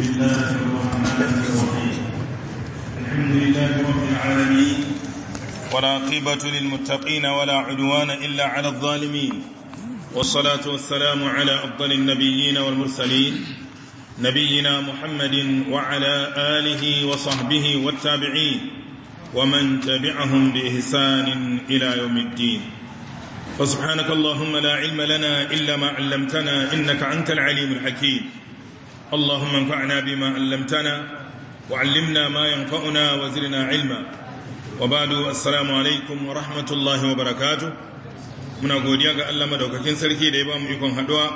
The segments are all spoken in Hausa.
الحمد لله رب العالمين والعاقبة للمتقين ولا عدوان إلا على الظالمين والصلاة والسلام على أفضل النبيين والمرسلين نبينا محمد وعلى آله وصحبه والتابعين ومن تبعهم بإحسان إلى يوم الدين فسبحانك اللهم لا علم لنا إلا ما علمتنا إنك أنت العليم الحكيم اللهم انفعنا بما علمتنا وعلمنا ما ينفعنا وزرنا علما وبعد السلام عليكم ورحمة الله وبركاته muna godiya ga Allah madaukakin sarki da ya ba mu ikon haɗuwa.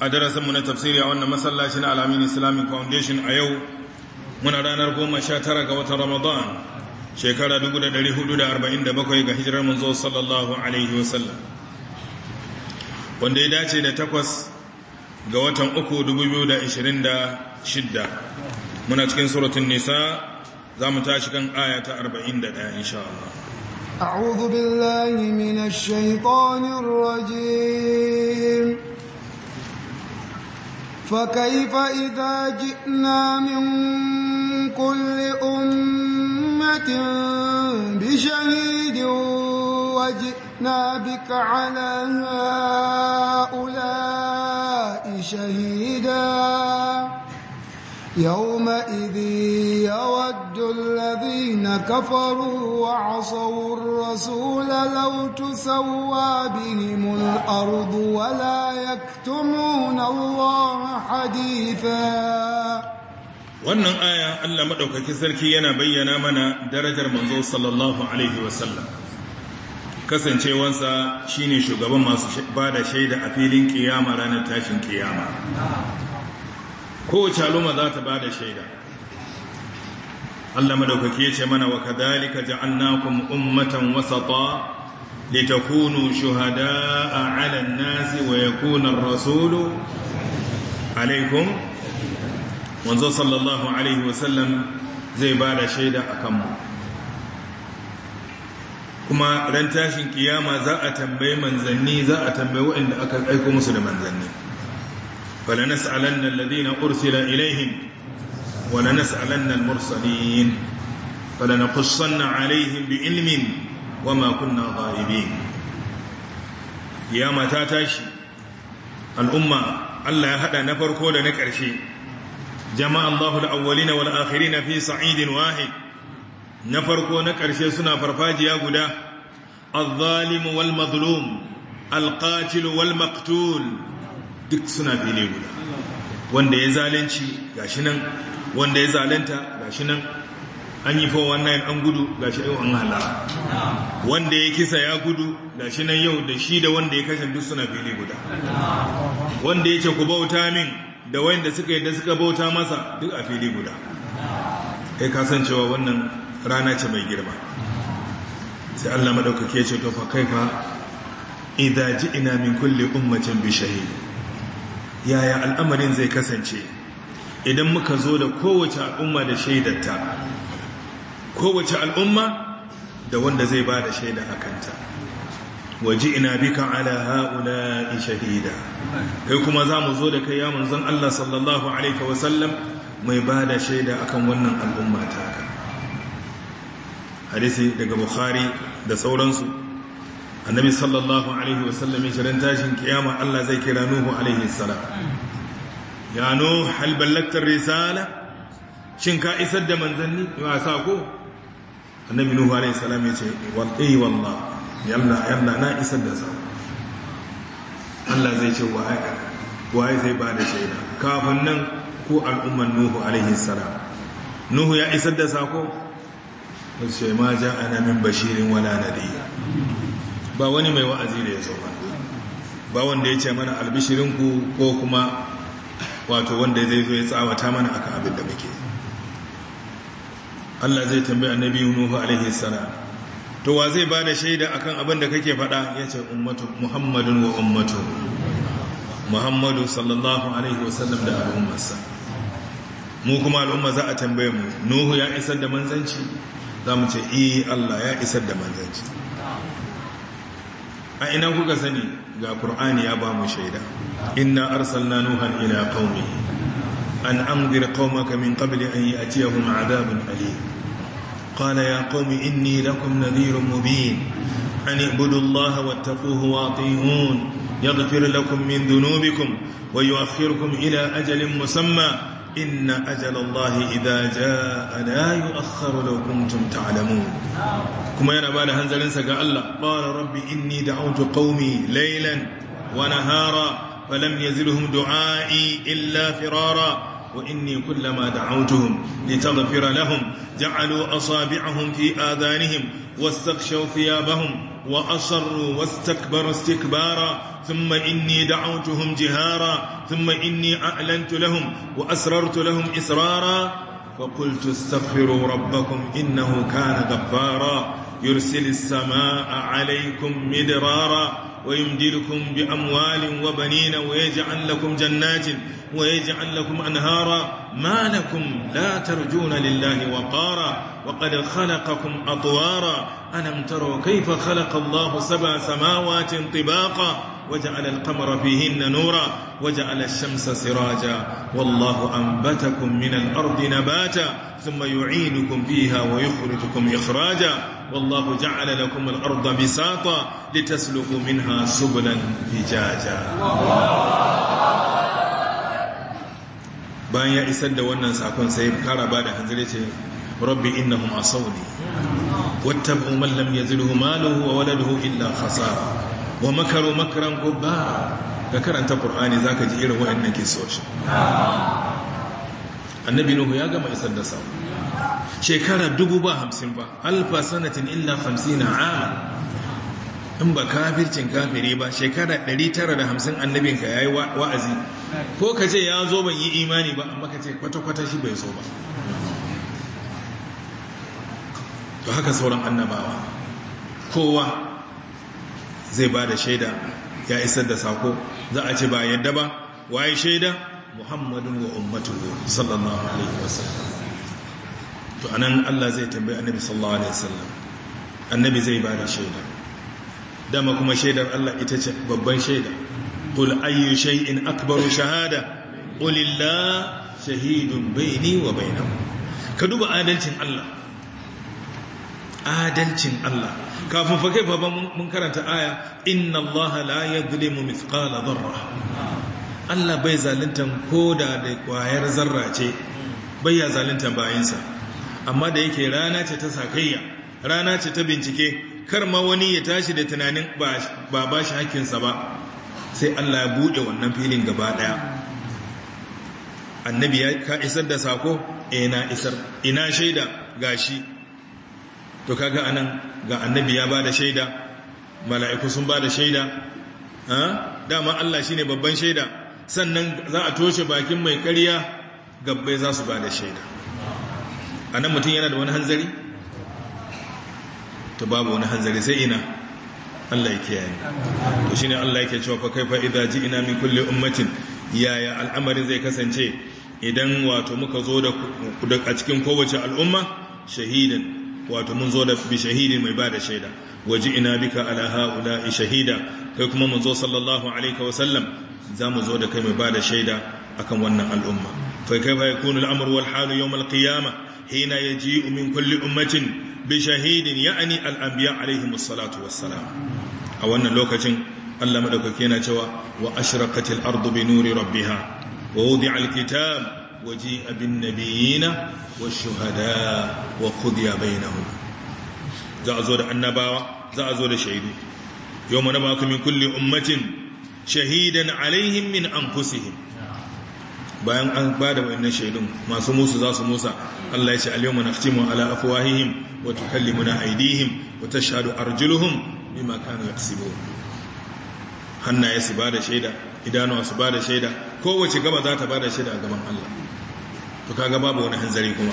a darasin mu na tafsiri a wannan masallacin na Alamin Foundation a yau muna ranar tara ga watan Ramadan shekara 1447 ga hijirar manzo sallallahu alaihi wasallam wanda ya dace da takwas ga watan uku 2026 muna cikin suratun nisa za mu tashi kan aya ta 41 insha Allah أعوذ بالله من الشيطان الرجيم فكيف إذا جئنا من كل أمة بشهيد وجئنا بك على هؤلاء شهيدا يومئذ يود الذين كفروا وعصوا الرسول لو تسوى بهم الأرض ولا يكتمون الله حديثا wannan aya Allah maɗaukaki sarki yana bayyana mana darajar manzo sallallahu alaihi wasallam kasancewansa shine shugaban masu ba da shaida a filin kiyama ranar tashin kiyama kowace al'umma za ta ba da shaida Allah madaukaki ya ce mana wa kadhalika ja'alnakum ummatan wasata litakunu shuhada'a 'ala an-nasi wa yakuna ar-rasulu 'alaykum manzo sallallahu alaihi sallam zai ba da shaida akan mu kuma ran tashin kiyama za a tambayi manzanni za a tambayi waɗanda aka aiko musu da manzanni wala nas'alanna alladhina ursila ilaihim wala nas'alanna al-mursalin fala naqussanna alaihim bi'ilmin, ilmin wama kunna ghaibin kiyama ta tashi al'umma Allah ya hada na farko da na ƙarshe jama'a Allahu al-awwalina wal akhirina fi sa'idin wahid na farko na ƙarshe suna farfajiya guda al-zalimu wal mazlum al-qatil wal maqtul duk suna fili guda wanda ya zalunci gashi nan wanda ya zalunta gashi nan an yi fowar nan an gudu gashi yau an hala wanda ya kisa ya gudu gashi nan yau da shi da wanda ya kashe duk suna fili guda wanda ya ce ku bauta min da wanda suka yi da suka bauta masa duk a fili guda kai kasancewa wannan rana ce mai girma sai Allah madaukake ce to fa kaifa ji ina min kulle ummatin bi yaya al'amarin zai kasance idan muka zo da kowace al'umma da shaidarta kowace al'umma da wanda zai ba da shaida a kanta waje ina bika ala haula shahida kai kuma za mu zo da kai ya manzon Allah sallallahu alaihi wasallam mai ba da shaida akan wannan al'umma ta hadisi daga bukhari da sauransu annabi sallallahu alaihi wasallam ya shirin tashin kiyama Allah zai kira nuhu alaihi salam ya nuhu hal ballagtar risala shin ka isar da manzanni ba sa ko annabi nuhu alaihi salam ya ce wallahi eh, wallah yalla yalla na isar da sa Allah zai ce wa ai waye zai ba da shaida kafin nan ko al'umman nuhu alaihi salam nuhu ya isar da sako sai ma ja ana min bashirin wala nadiya ba wani mai wa'azi da ya zo ba wanda ya ce mana albishirinku ko kuma wato wanda zai zo ya tsawata mana akan abin da muke Allah zai tambaye annabi Nuhu alaihi salam to wa zai bada shaida akan abin da kake faɗa yace ummatu Muhammadun wa ummatu Muhammadu sallallahu alaihi wasallam da al'ummarsa mu kuma al'umma za a tambaye mu Nuhu ya isar da manzanci za mu ce iya eh, Allah ya isar da manzanci a ina kuka sani ga ƙur'ani ya ba mu shaida inna arsana nuhan ila qaumi an anzir qaumaka min qabli an ya'tiyahum adhabun Ali. qala ya qaumi inni lakum nadhirun mubin an ibudu wata wattaquhu wa Ya yaghfir lakum min dhunubikum wa yu'akhirukum ila ajalin musamma inna ajalallahi idza jaa la yu'akhkharu law ta ta'lamun kuma yana bada hanzarin sa ga Allah qala rabbi inni da'awtu qaumi laylan wa nahara falam yazilhum du'a'i illa firara وإني كلما دعوتهم لتغفر لهم جعلوا أصابعهم في آذانهم واستغشوا ثيابهم وأصروا واستكبروا استكبارا ثم إني دعوتهم جهارا ثم إني أعلنت لهم وأسررت لهم إسرارا فقلت استغفروا ربكم إنه كان غفارا يرسل السماء عليكم مدرارا ويمددكم بأموال وبنين ويجعل لكم جنات ويجعل لكم أنهارا ما لكم لا ترجون لله وقارا وقد خلقكم أطوارا ألم تروا كيف خلق الله سبع سماوات طباقا وجعل القمر فيهن نورا وجعل الشمس سراجا والله أنبتكم من الأرض نباتا ثم يعينكم فيها ويخرجكم إخراجا والله جعل لكم الأرض بساطا لتسلكوا منها سبلا فجاجا bayan ya isar da wannan sakon sai kara ba da hanzari ce rabbi innahum asawni wattabu man lam yazilhu maluhu wa waladuhu illa khasara wa makaru makaran gubba ka karanta ƙur'ani za ka ji irin ke soci annabi nuhu ya gama isar da sa shekara dubu ba hamsin ba alfa sanatin illa hamsin na ama in ba kafircin kafiri ba shekara 950 annabinka ya yi wa'azi ko ka ce ya zo ban yi imani ba amma ka ce kwata-kwata shi bai zo ba to haka sauran annabawa kowa zai ba da shaida ya isar da sako za a ce ba yadda ba waye shaida muhammadun wa ummatuhu sallallahu alaihi wasallam to anan Allah zai tambayi annabi sallallahu alaihi wasallam annabi zai ba da shaida dama kuma shaidar Allah ita ce babban shaida qul ayyu shay'in akbaru shahada qulillah shahidun baini wa bainakum ka duba adalcin Allah adalcin Allah kafin fa kai mun karanta aya inna allaha la mu mithqala dharra Allah bai zaluntan koda da kwayar zarra ce bai ya zaluntan bayinsa amma da yake rana ce ta sakayya rana ce ta bincike kar ma wani ya tashi da tunanin ba ba shi sa ba sai Allah ya buɗe wannan filin gaba daya annabi ya ka isar da sako Ina eh, isar ina shaida gashi to ka ga anan ga annabi ya bada shaida mala'iku sun bada shaida dama Allah shine babban shaida sannan za a toshe bakin mai ƙarya gabbai za su bada shaida anan mutum yana da wani hanzari to babu wani hanzari sai ina Allah ya kiyaye to shine Allah yake cewa fa kaifa idza ji'na min kulli ummatin yaya al'amarin zai kasance idan wato muka zo da a cikin kowace al'umma shahidan wato mun zo da bi shahidi mai bada shaida waji ina bika ala haula shahida kai kuma mun zo sallallahu alaihi wa sallam zamu zo da kai mai bada shaida akan wannan al'umma fa kaifa yakunu al'amru wal halu yawm al ji hina yaji'u min kulli ummatin bi shahidin ya'ni al-anbiya alaihimus salatu wassalam a wannan lokacin Allah madaukake yana cewa wa ashraqatil ardu bi nuri rabbiha wa wudi'a al-kitab waje abin nabiyina wa shuhada wa kudiya bainahu za a zo da annabawa za a zo da shaidu yau mana ba min kulli ummatin shahidan alaihim min anfusihim bayan an ba da wayannan shaidun masu musu za su musa Allah ya ce al-yawma nakhtimu ala afwahihim wa tukallimuna aydihim wa tashhadu arjuluhum bima kanu yaksibun hannaye su ba da shaida idanuwa su ba da shaida kowace gaba za ta ba da shaida a gaban Allah to kaga babu wani hanzari kuma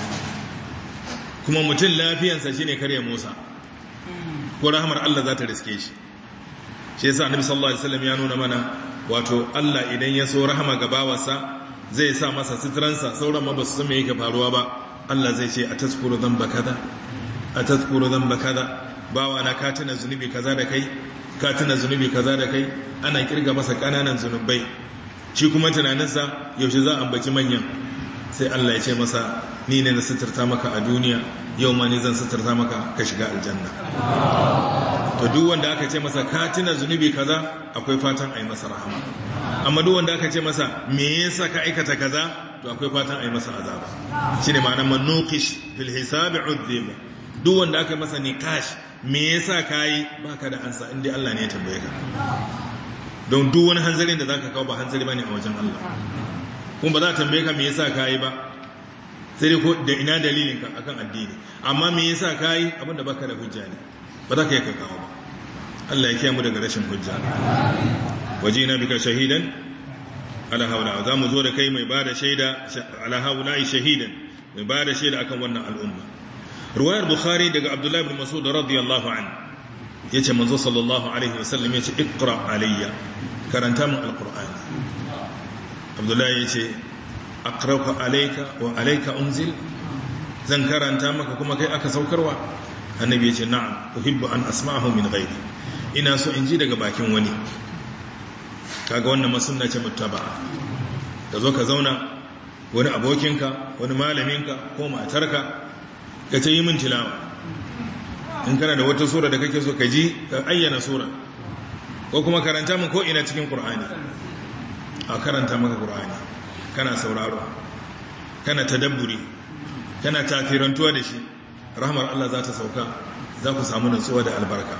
kuma mutum lafiyansa shine kare Musa ko rahmar Allah za ta riske shi shi yasa annabi sallallahu alaihi wasallam ya nuna mana wato Allah idan ya so rahama ga bawarsa zai sa masa sitransa sauran ma ba su me yake faruwa ba Allah zai ce a kada. dhanba kaza zan dhanba kaza bawa na ka tuna zunubi kaza da kai ka tuna zunubi kaza da kai ana kirga masa kananan zunubai shi kuma tunaninsa yaushe za a ambaci manyan sai Allah ya ce masa ni ne na suturta maka a duniya yau ma ni zan suturta maka ka shiga aljanna to duk wanda aka ce masa ka tuna zunubi kaza akwai fatan a yi masa rahama amma duk wanda aka ce masa me yasa ka aikata kaza to akwai fatan a yi masa azaba shine ma'anar manuqish fil hisabi udhib duk wanda aka masa nikash me yasa kai baka da ansa inda Allah ne ya tambaye ka don duk wani hanzarin da zaka kawo ba hanzari bane a wajen Allah kuma ba za a tambaye ka me yasa ka yi ba sai dai ko da ina dalilin ka akan addini amma me yasa ka yi abin da baka da hujja ne ba za ka yi ka kawo ba Allah ya kiyamu daga rashin hujja waje na bika shahidan ala haula za mu zo da kai mai bada shaida ala haula shahidan mai bada shaida akan wannan al'umma ruwayar bukhari daga abdullahi ibn mas'ud radiyallahu anhu yace manzo sallallahu alaihi wasallam yace iqra alayya karanta min alqur'ani abdullahi ya ce a akrauka alaika wa alaika unzil zan karanta maka kuma kai aka saukarwa annabi ya ce na'am uhibbu an asma'ahu min ghairi ina so in ji daga bakin wani kaga wannan masunna ce muttaba'a ka zo ka zauna wani abokinka wani malaminka ko matarka ka ce yi min tilawa in kana da wata sura da kake so ka ji ka ayyana sura ko kuma karanta min ko ina cikin qur'ani a karanta maka ƙura'ani kana sauraro kana tadabburi kana tafirantuwa da shi rahmar Allah za ta sauka za ku samu nutsuwa da albarka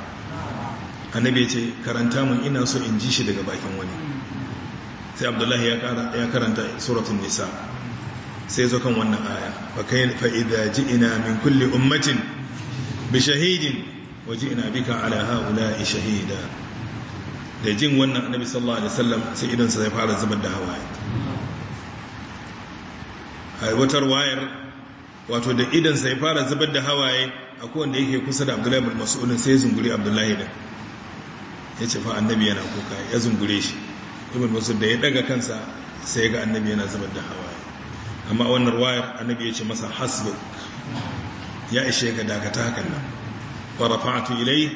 annabi ya ce karanta mun ina so in ji shi daga bakin wani sai abdullahi ya karanta suratun nisa sai zo kan wannan aya fa'iza ji ina min kulle ummatin bi shahidin waje ina bika ala ha'ula'i shahida da jin wannan annabi sallallahu alaihi wasallam sai idansa zai fara zubar da hawaye aiwatar wayar wato da idansa ya fara zubar da hawaye akwai wanda yake kusa da abdullahi bin Mas'ud sai zunguri abdullahi da ya ce fa annabi yana kuka ya zungure shi ibn mas'ud da ya daga kansa sai ga annabi yana zubar da hawaye amma wannan wayar annabi ya ce masa hasbuk ya ishe ka dakata hakan nan fa rafa'tu ilayhi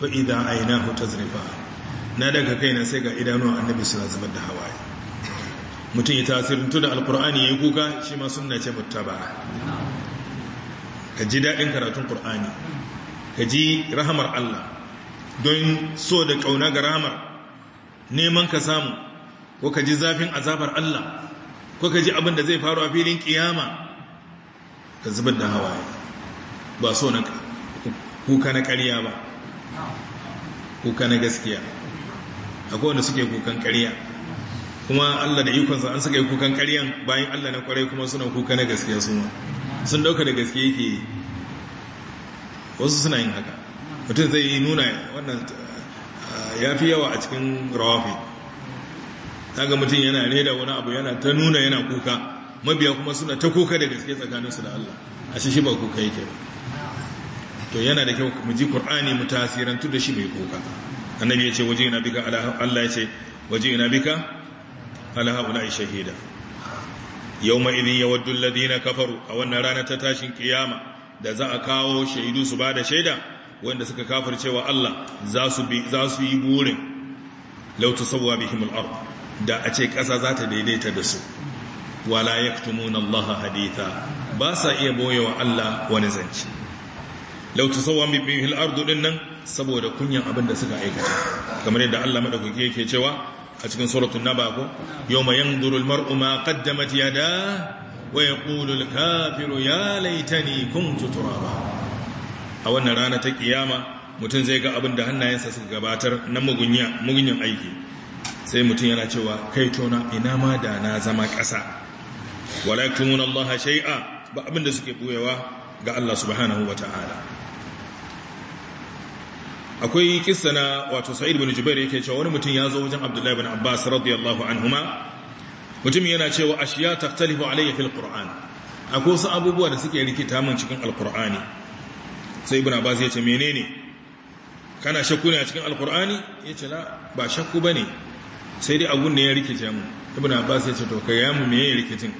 fa idha aynahu tazrifa na daga kaina sai ga idanuwa annabi suna zubar da hawaye mutum ya tasirintu da alkur'ani ya yi kuka shi ma suna ce muttaba ka ji daɗin karatun kur'ani ka ji rahamar Allah don so da ƙauna ga rahamar neman ka samu ko ka ji zafin azabar Allah ko ka ji abin da zai faru a filin ƙiyama, ka zubar da hawaye ba so na kuka na ƙarya ba kuka na gaskiya akwai wanda suke kukan ƙarya kuma Allah da ikonsa an suka yi kukan ƙaryan bayan Allah na kwarai kuma suna kuka na gaskiya su ma sun dauka da gaskiya yake wasu suna yin haka mutum zai yi nuna wannan ah, ya fi yawa a cikin rawafi ga mutum yana reda wani abu yana ta nuna yana kuka mabiya kuma suna ta kuka da gaske tsakaninsu da Allah a shi shi ba kuka yake ba to yana da kyau mu ji Qur'ani mu tasirantu da shi mai kuka annabi ya ce waje yana bika Allah ya ce waje yana bika alhaula shahida yau ma idin ya waddun ladina kafaru a wannan rana ta tashin ƙiyama da za a kawo shaidu su ba da shaida wanda suka kafar cewa Allah za su yi burin lautu sauwa bihim al'ar da a ce ƙasa za ta daidaita da su wala yaktumuna Allah haditha ba sa iya boyewa Allah wani zance lautu tasawwa bi bihil ardu din nan saboda kunyan abin da suka aikata kamar yadda Allah madaukake yake cewa a cikin suratul naba ko yawma yanzuru al mar'u ma qaddamat yada wa yaqulu al ya laitani kuntu turaba a wannan rana ta kiyama mutum zai ga abin da hannayensa suka gabatar na mugunya mugunyan aiki sai mutum yana cewa kai tona ina ma da na zama ƙasa walakin Allah shay'a ba abin da suke buyewa ga Allah subhanahu wata'ala akwai kissa na wato sa'id bin jubair yake cewa wani mutum ya zo wajen abdullahi bin abbas radiyallahu anhuma mutum yana cewa ashiya taktalifu alayya fil qur'an akwai wasu abubuwa da suke rikita min cikin alqur'ani sai ibn abbas ya ce menene kana shakku ne a cikin alqur'ani yace la ba shakku bane sai dai abun ne ya rikita mu ibn abbas ya ce to kai ya mu me ya rikitin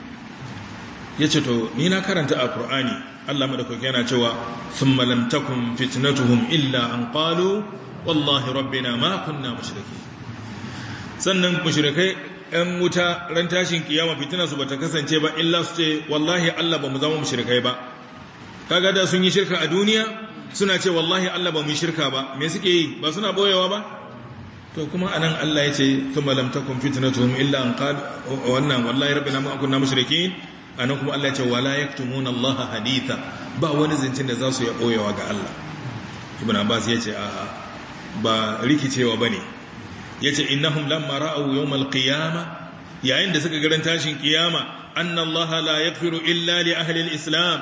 yace to ni na karanta alqur'ani Allah madaukaki yana cewa sun malamtakun takun fitnatuhum illa an qalu wallahi rabbina ma kunna mushriki sannan mushrikai ɗan wuta ran tashin kiyama fitina su bata kasance ba illa su ce wallahi Allah ba mu zama mushrikai ba kaga da sun yi shirka a duniya suna ce wallahi Allah ba mu yi shirka ba me suke yi ba suna boyewa ba to kuma anan Allah ya ce sun malamtakun takun fitnatuhum illa an qad wannan wallahi rabbina ma kunna mushrikin anan kuma Allah ya ce wala yaktumuna Allah haditha ba wani zincin da za su ya boyewa ga Allah ibn Abbas ya ce a ba rikicewa bane yace innahum lamma ra'u yawm al-qiyama yayin da suka garan tashin kiyama anna Allah la yaghfiru illa li ahli al-islam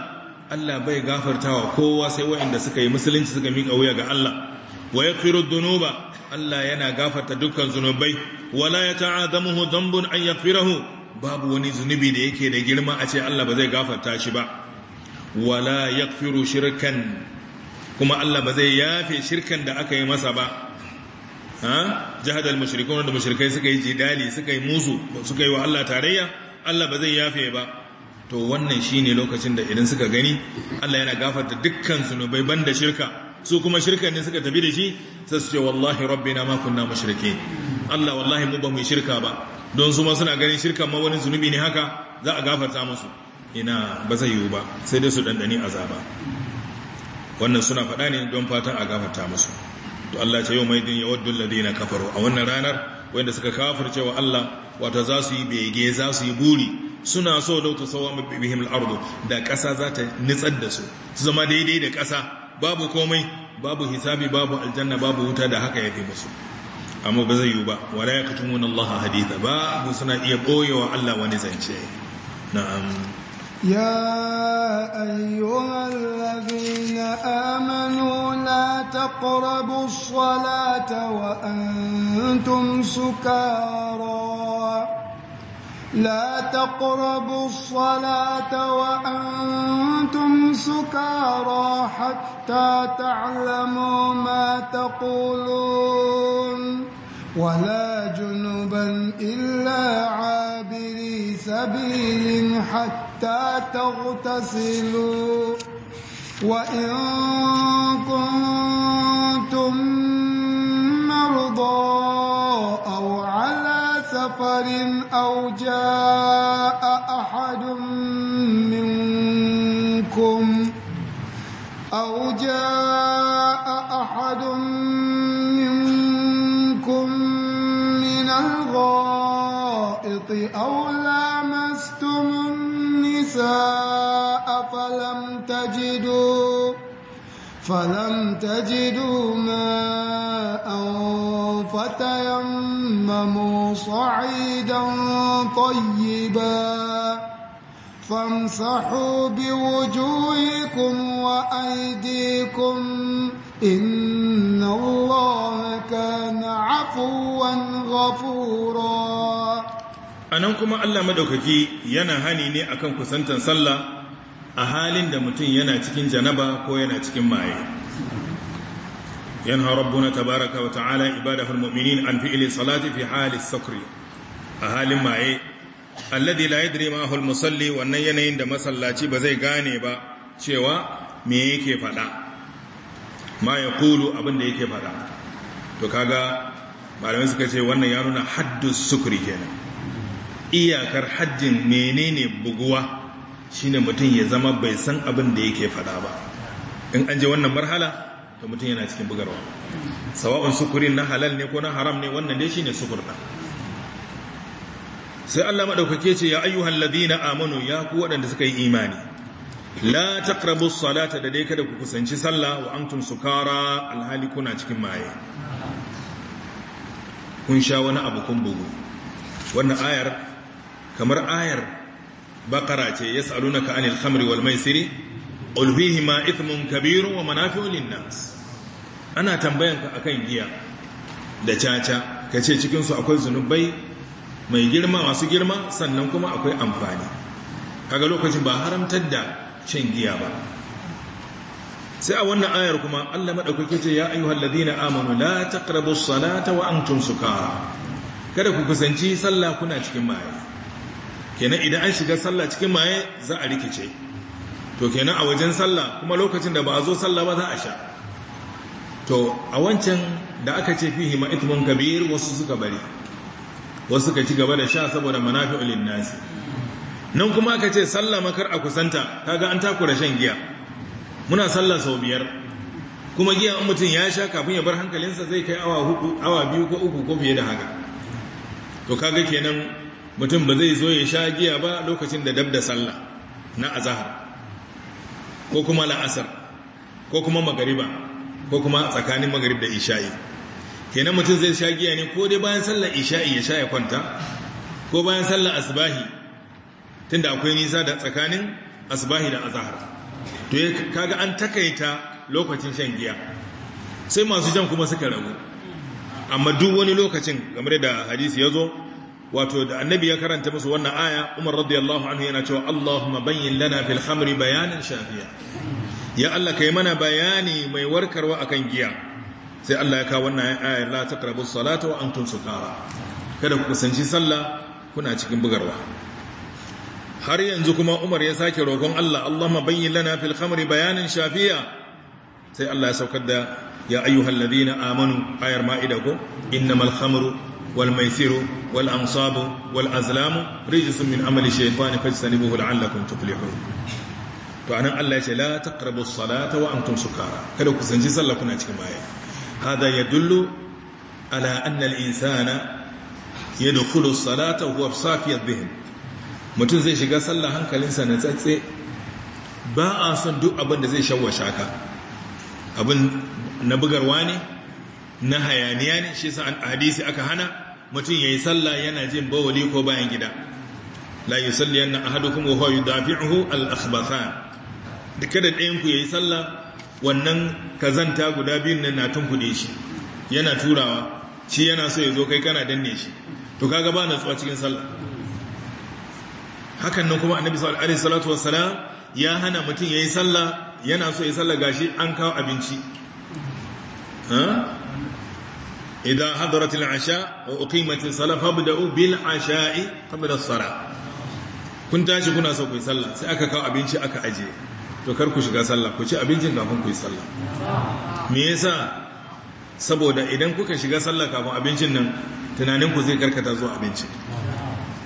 Allah bai gafartawa kowa sai waɗanda suka yi musulunci suka mika wuya ga Allah wa yaghfiru dhunuba Allah yana gafarta dukkan zunubai wala yata'adamuhu dhanbun an yaghfirahu babu wani zunubi da yake da girma a ce Allah ba zai gafarta shi ba wala yaghfiru shirkan kuma Allah ba zai yafe shirkan da aka yi masa ba ha al mushrikun da mushrikai suka yi jidali suka yi musu suka yi wa Allah tarayya Allah ba zai yafe ba to wannan shine lokacin da idan suka gani Allah yana gafarta dukkan zunubai banda shirka su kuma shirkan ne suka tafi da shi sai su ce wallahi rabbina ma kunna mushrikeen Allah wallahi mu ba mu shirka ba don su ma suna ganin shirka, ma wani zunubi ne haka za a gafarta musu ina ba zai yiwu ba sai dai su dandani azaba wannan suna faɗa ne don fatan a gafarta musu to Allah ce yau mai din yawaddu ladina kafaru a wannan ranar wanda suka kafirce wa Allah wato za su yi bege za su yi buri suna so da ta sawa bihim al-ardu da ƙasa za ta nitsar da su su zama daidai da ƙasa babu komai babu hisabi babu aljanna babu wuta da haka yafi musu amma ba zai yi ba wala ya katumuna Allah haditha ba suna iya koyewa Allah wani zance na'am ya يا أيها الذين آمنوا لا تقربوا wa antum sukara لا تقربوا الصلاة وأنتم سكارى حتى تعلموا ما تقولون ولا جنبا إلا عابري سبيل حتى تغتسلوا وإن كنتم مرضى أو على سفر أو جاء أحد منكم أو جاء أحد منكم أو لامستم النساء فلم تجدوا فلم تجدوا ماء فتيمموا صعيدا طيبا فامسحوا بوجوهكم وأيديكم إن الله كان عفوا غفورا a nan kuma Allah maɗaukaki yana hani ne kan kusantar sallah a halin da mutum yana cikin janaba ko yana cikin maye Yan rabbuna tabaraka wa ta'ala ibada mu'minin an fi fi'li salati fi hali sakri a halin maye alladhi la ma hul musalli wannan yanayin da masallaci ba zai gane ba cewa me yake faɗa ma ya kulu abin da yake faɗa to kaga malamai suka ce wannan ya nuna haddus sukuri kenan iyakar hajjin menene buguwa shine mutum ya zama bai san abin da yake faɗa ba in an je wannan marhala to mutum yana cikin bugarwa sawa'un sukurin na halal ne ko na haram ne wannan dai shine sukur ɗan sai Allah maɗaukake ce ya ayyuhan ladina amanu ya ku waɗanda suka yi imani la taqrabu salata da dai kada ku kusanci sallah wa antum sukara alhali kuna cikin maye kun sha wani abu bugu wannan ayar kamar ayar bakara ce ya ka anil khamri wal maisiri qul ma ithmun Kabiru, wa manafi'u lin-nas ana tambayanka akan giya da caca ka ce cikinsu akwai zunubai mai girma masu girma sannan kuma akwai amfani kaga lokacin ba haramtar da cin giya ba sai a wannan ayar kuma Allah madaukake ce ya ayyuhal ladina amanu la taqrabus salata wa antum sukara kada ku kusanci sallah kuna cikin maye kenan idan an shiga sallah cikin maye za a rikice to kenan a wajen sallah kuma lokacin da ba a zo sallah ba za a sha to a wancan da aka ce fihi ma'itmun kabir wasu suka bari wasu suka ci gaba da sha saboda manafi'ul nasi. nan kuma aka ce sallah makar a kusanta kaga an takura shan giya muna sallah sau biyar kuma giya an mutum ya sha kafin ya bar hankalinsa zai kai awa awa biyu ko uku ko fiye da haka to kaga kenan mutum ba zai zo ya sha giya ba lokacin da dabda da sallah na azahar ko kuma la'asar ko kuma magariba ko kuma tsakanin magarib da isha'i kenan mutum zai sha giya ne ko dai bayan sallah isha'i ya sha ya kwanta ko bayan sallah asbahi tunda akwai nisa da tsakanin asbahi da azahar to kaga an takaita lokacin shan giya sai masu jan kuma suka ragu amma duk wani lokacin game da hadisi ya zo wato da annabi ya karanta musu wannan aya Umar radiyallahu anhu yana cewa Allahumma bayyin lana fil khamri bayanan shafiya ya Allah kai mana bayani mai warkarwa akan giya sai Allah ya kawo wannan ayar la taqrabus salata wa antum sukara kada ku kusanci sallah kuna cikin bugarwa har yanzu kuma Umar ya sake roƙon Allah Allahumma bayyin lana fil khamri bayanan shafiya sai Allah ya saukar da ya ayyuhal ladina amanu ayar ma'ida ko innamal khamru والميسر والأنصاب والأزلام رجس من عمل الشيطان فاجتنبوه لعلكم تفلحون فأنا الله يقول لا تقربوا الصلاة وأنتم سكارى كدو كسنجي صلى كنا تكماية هذا يدل على أن الإنسان يدخل الصلاة وهو بصافي الذهن متن زي شيغا صلى هنك الإنسان نتسي ba a son duk abin da zai shawwasha ka abin na bugarwa ne na hayaniya ne shi yasa hadisi aka hana mutum yayi sallah yana jin bawali ko bayan gida la yusalli anna ahadukum wa huwa yudafi'uhu al-akhbathan kada ɗayan ku yayi sallah wannan kazanta guda biyun nan na tun kuɗe shi yana turawa shi yana so ya zo kai kana danne shi to kaga ba tsuwa cikin sallah hakan nan kuma annabi sallallahu alaihi salatu wassalam ya hana mutum yayi sallah yana so ya sallah gashi an kawo abinci idan hadaratul asha wa uqimatis sala fabda'u bil asha'i qabla as-sala kun tashi kuna so ku yi sallah sai aka kawo abinci aka aje to kar ku shiga sallah ku ci abincin kafin ku yi sallah me yasa saboda idan kuka shiga sallah kafin abincin nan tunanin ku zai karkata zuwa abincin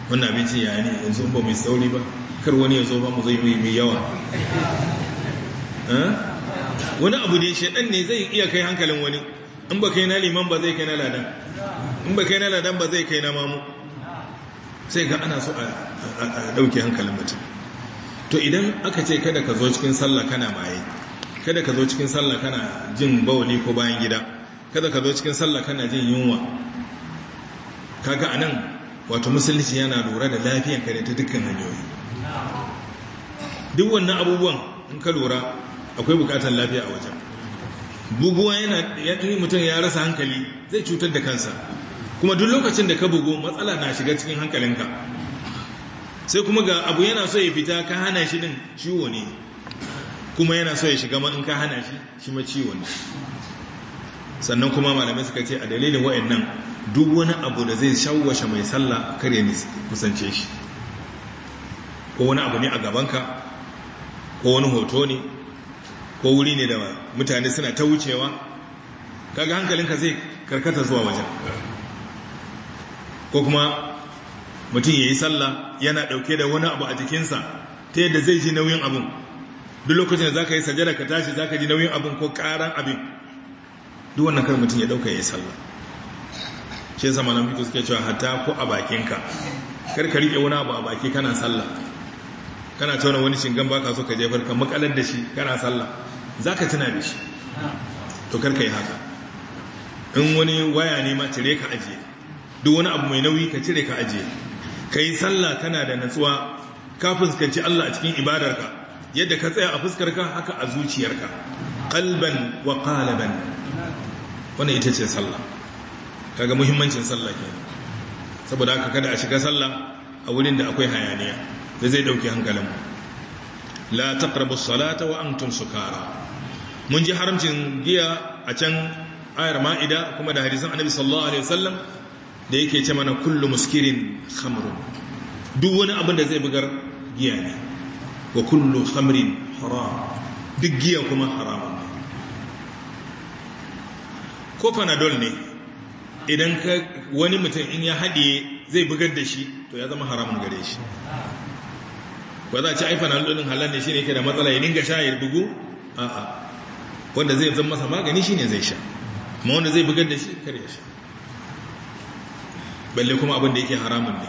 wannan abincin ya ne yanzu ba mai sauri ba kar wani ya zo ba mu zai mai yawa wani abu ne ya shaɗan ne zai iya kai hankalin wani in ba kai na liman ba zai kai na ladan in ba kai na ladan ba zai kai na mamu sai ga ana so a ɗauki hankalin mutum to idan aka ce kada ka zo cikin sallah kana maye kada ka zo cikin sallah kana jin bawali ko bayan gida kada ka zo cikin sallah kana jin yunwa kaga anan wato musulunci yana lura da lafiyan ka ne ta dukkan hanyoyi duk wannan abubuwan in ka lura akwai bukatar lafiya a wajen buguwa yana ya yi mutum ya rasa hankali zai cutar da kansa kuma duk lokacin da ka bugu matsala na shiga cikin hankalinka sai kuma ga abu yana so ya fita ka hana shi din ciwo ne kuma yana so ya shiga ka hana shi shi ma ciwo ne sannan kuma malamai suka ce a dalilin wayannan duk wani abu da zai shawwashe mai sallah kar ya kusance shi ko wani abu ne a gabanka ko wani hoto ne ko wuri ne da mutane suna ta wucewa kaga hankalinka zai karkata zuwa wajen ko kuma mutum ya yi sallah yana dauke da wani abu a jikinsa ta yadda zai ji nauyin abin duk lokacin da za ka yi sajada ka tashi za ka ji nauyin abin ko ƙaran abin duk wannan kar mutum ya ɗauka ya yi sallah shi yasa malam fito suke cewa hatta ko a bakinka kar ka riƙe wani abu a baki kana sallah kana tauna wani shingan baka so ka jefar ka makalar da shi kana sallah za ka tuna da shi to karka yi haka in wani waya ne ma cire ka ajiye duk wani abu mai nauyi ka cire ka ajiye ka yi sallah tana da natsuwa ka fuskanci Allah a cikin ibadarka yadda ka tsaya a fuskarka haka a zuciyarka kalban wa kalaban Wani ita ce sallah kaga muhimmancin sallah ke. saboda haka kada a shiga sallah a wurin da akwai hayaniya da zai ɗauki hankalin la taqrabu as-salata wa antum sukara mun ji haramcin giya a can ayar ma'ida kuma da hadisan annabi sallallahu alaihi wasallam da yake ce mana kullu muskirin khamrun duk wani abin da zai bugar giya ne wa kullu khamrin haram duk giya kuma haramun ne ko panadol ne idan ka wani mutum in ya haɗe zai bugar da shi to ya zama haramun gare shi ba za a ci aifanan na lullun halar ne shi ne ke da matsala ya dinga sha ya bugu a'a wanda zai zan masa magani shine zai sha kuma wanda zai bugar da shi kar ya sha balle kuma abin da yake haramun ne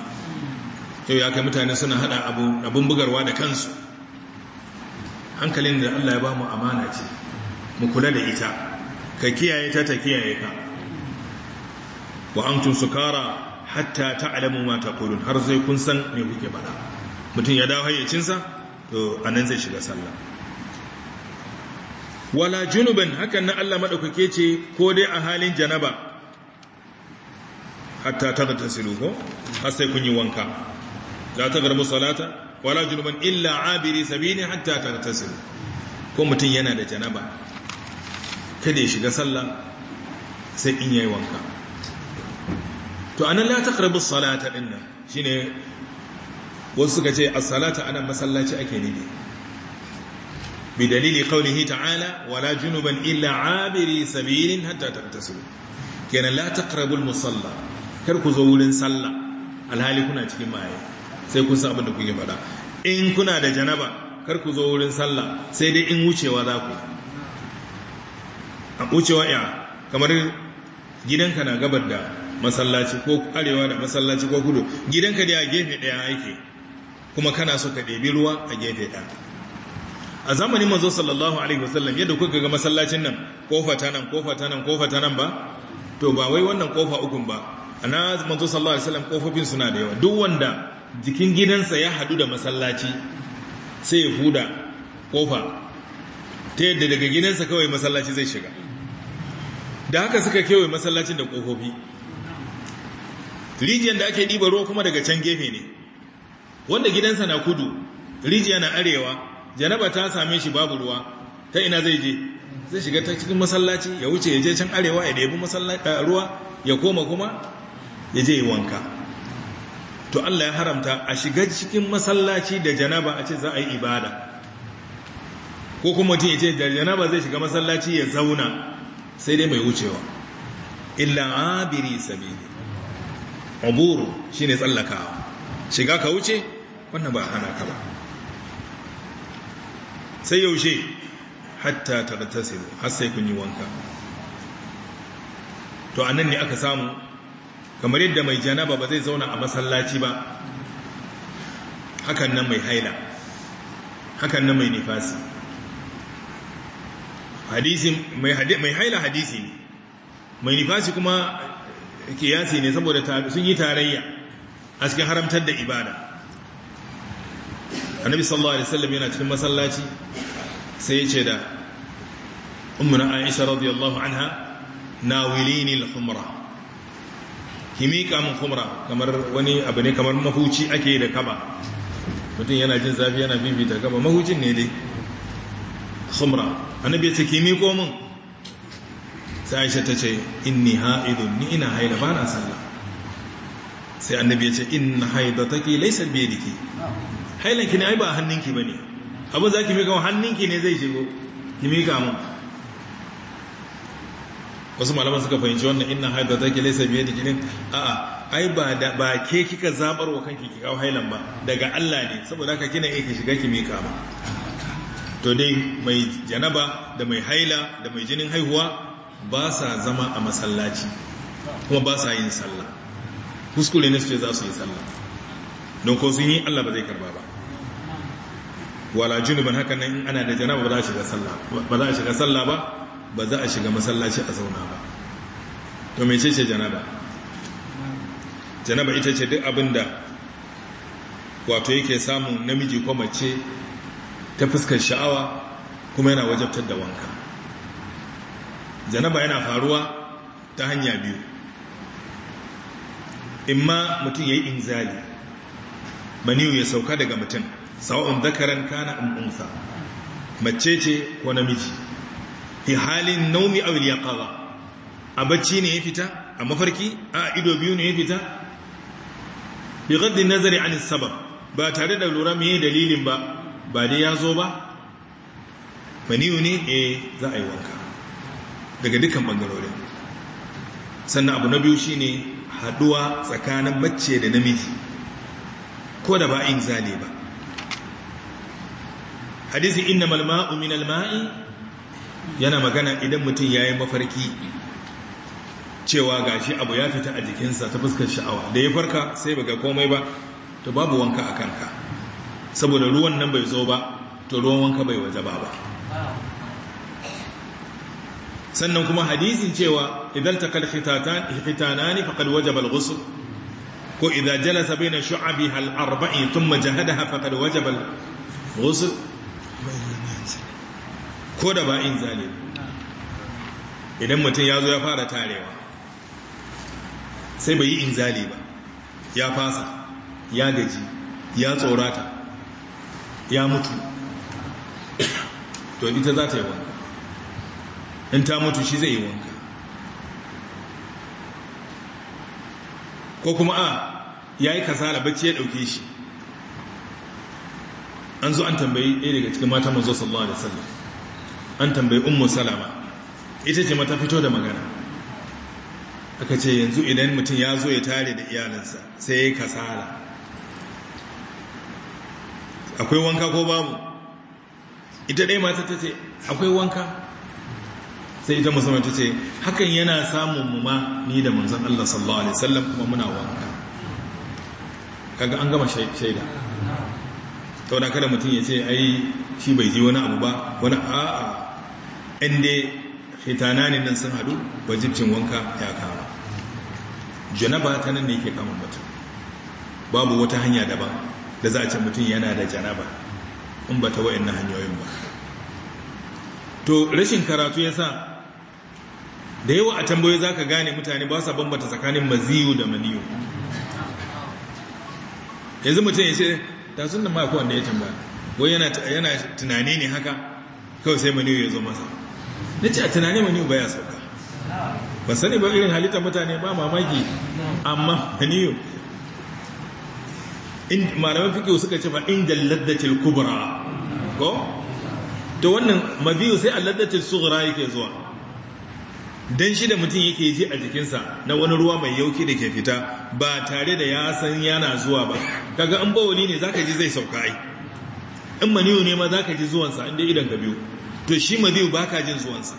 yau ya kai mutane suna hada abin bugarwa da kansu hankalin da Allah ya ba mu amana ce mu kula da ita ka kiyaye ta ta kiyaye ka wa antum sukara hatta ta'lamu mata taqulun har sai kun san me kuke faɗa mutum ya dawo hayyacinsa to anan zai shiga sallah wala junubin hakan na Allah maɗaukake ce ko dai a halin janaba hatta ta ta silu ko har sai kun yi wanka za ta garbu salata wala junubin illa abiri sabini hatta ta ta silu ko mutum yana da janaba kada ya shiga sallah sai in yayi wanka to anan la taqrabu salata dinnan shine wasu suka ce as-salata anan masallaci ake nufi junuban illa تعالى ولا جنبا إلا عابري سبيل حتى تغتسلوا كان لا Kar ku zo wurin sallah. alhali kuna cikin maye sai kun san abin da kuke faɗa in kuna da janaba kar ku zo wurin sallah sai dai in wucewa za ku a wucewa ya kamar gidanka na gabar da masallaci ko arewa da masallaci ko kudu gidanka da a gefe ɗaya yake kuma kana so ka ɗebi ruwa a gefe ɗaya a zamanin manzo sallallahu alaihi wasallam yadda kuka ga masallacin nan kofa ta nan kofa ta nan kofa ta nan ba to ba wai wannan kofa ukun ba ana manzo sallallahu alaihi wasallam kofofin suna da yawa duk wanda jikin gidansa ya hadu da masallaci sai ya huda kofa ta yadda daga gidansa kawai masallaci zai shiga da haka suka kewaye masallacin da kofofi rijiyar da ake ɗiba ruwa kuma daga can gefe ne wanda gidansa na kudu rijiya na arewa janaba ta same shi babu ruwa ta ina zai je zai shiga ta cikin masallaci ya wuce ya je can arewa ya debi eh, ruwa ya koma kuma ya je yi wanka to Allah ya haramta a shiga cikin masallaci da janaba a ce za a yi ibada ko kuma mutum ya ce da janaba zai shiga masallaci ya zauna sai dai mai wucewa illa abiri sabili aburu shine tsallakawa shiga ka wuce wannan ba hana ka ba sai yaushe hatta ta tagtasilu har sai kun yi wanka to a nan ne aka samu kamar yadda mai janaba ba zai zauna a masallaci ba hakan nan mai haila hakan nan mai nifasi hadisi mai mai haila hadisi ne mai nifasi kuma kiyasi ne saboda sun yi tarayya a cikin haramtar da ibada annabi sallallahu alaihi wasallam yana cikin masallaci sai ya ce da ummuna aisha radiyallahu anha nawilini al-humra himika min humra kamar wani abu ne kamar mahuci ake da kaba mutum yana jin zafi yana bibita kaba mahucin ne dai humra annabi ya ce kimi ko mun sai aisha ta ce inni ha'idun ni ina haila bana sallah sai annabi ya ce inna haidataki laysa bi yadiki hailanki ne ai ba hannunki ba ne abin za ki mika wa hannunki ne zai shigo ki mika mun wasu malaman suka fahimci wannan inna haida ta ke laisa biye dikirin a'a ai ba da ba ke kika zabar wa kanki ki kawo hailan ba daga Allah ne saboda haka kina iya ki shiga ki mika ba to dai mai janaba da mai haila da mai jinin haihuwa ba sa zama a masallaci kuma ba sa yin sallah kuskure ne su ce za su yi sallah don ko sun yi Allah ba zai karba ba wala junuban hakan nan in ana da janaba ba za a shiga sallah ba za a shiga sallah ba ba za a shiga masallaci a zauna ba to mece ce janaba janaba ita ce duk abinda wato yake samun namiji ko mace ta fuskar sha'awa kuma yana wajabtar da wanka janaba yana faruwa ta hanya biyu imma mutum ya yi inzali maniyu ya sauka daga mutum sawa'un zakaran kana am unsa mace ce ko namiji fi halin naumi ya kawa a bacci ne ya fita a mafarki a ido biyu ne ya fita fi gaddi nazari a nisabar ba tare da lura mai dalilin ba ba dai ya zo ba maniyu ne eh za a yi wanka daga dukkan bangarorin sannan abu na biyu shine haduwa tsakanin mace da namiji ko da ba in zane ba hadisi inna malma'u min alma'i yana magana idan mutum ya yi mafarki cewa gashi abu ya fita a jikinsa ta fuskar sha'awa da ya farka sai baga komai ba to babu wanka a kanka saboda ruwan nan bai zo ba to ruwan wanka bai waje ba ba sannan kuma hadisin cewa idan takal khitanani faqad wajaba al ko idan jalasa baina shu'abiha al-arba'i thumma jahadaha faqad wajaba al ko da ba in idan mutum ya zo ya fara tarewa sai bai yi in zali ba ya fasa ya gaji ya tsorata ya mutu to ita za ta yi wanka in ta mutu shi zai yi wanka ko kuma a ya yi kasara, bacci ya ɗauke shi an zo an tambayi ɗaya daga cikin mata manzo sallallahu alaihi wasallam an tambayi ummu salama ita ce mata fito da magana aka ce yanzu idan mutum ya zo ya tare da iyalinsa sai ya kasala akwai wanka ko babu ita ɗaya mata ta ce akwai wanka sai ita musamman ta ce hakan yana samun mu ma ni da manzon Allah sallallahu alaihi wasallam kuma muna wanka kaga an gama shaida saboda kada mutum ya ce ai shi bai ji wani abu ba wani a'a inda hitana ne nan sun hadu wajibcin wanka ya kama janaba ta nan ne ke kama mutum babu wata hanya daban da za a ce mutum yana da janaba in ba ta wa'annan hanyoyin ba to rashin karatu ya sa da yawa a tambayoyi za ka gane mutane ba sa bambata tsakanin maziyu da maniyu yanzu mutum ya ce ta sun da mako wanda ya tambaya wai yana tunani ne haka kawai sai maniyu ya zo masa na ce a tunani maniyu ba ya sauka ba sani ba irin halittar mutane ba mamaki amma maniyu malaman fikiyu suka ce ba inda laddacin kubra ko to wannan mabiyu sai a laddacin sughra yake zuwa dan shi da mutum yake ji a jikinsa na wani ruwa mai yauki da ke fita ba tare da ya san yana zuwa ba kaga an bawali ne zaka ji zai sauka ai in maniyu ne ma zaka ji zuwansa inda idan ka biyu to shi ba baka jin zuwansa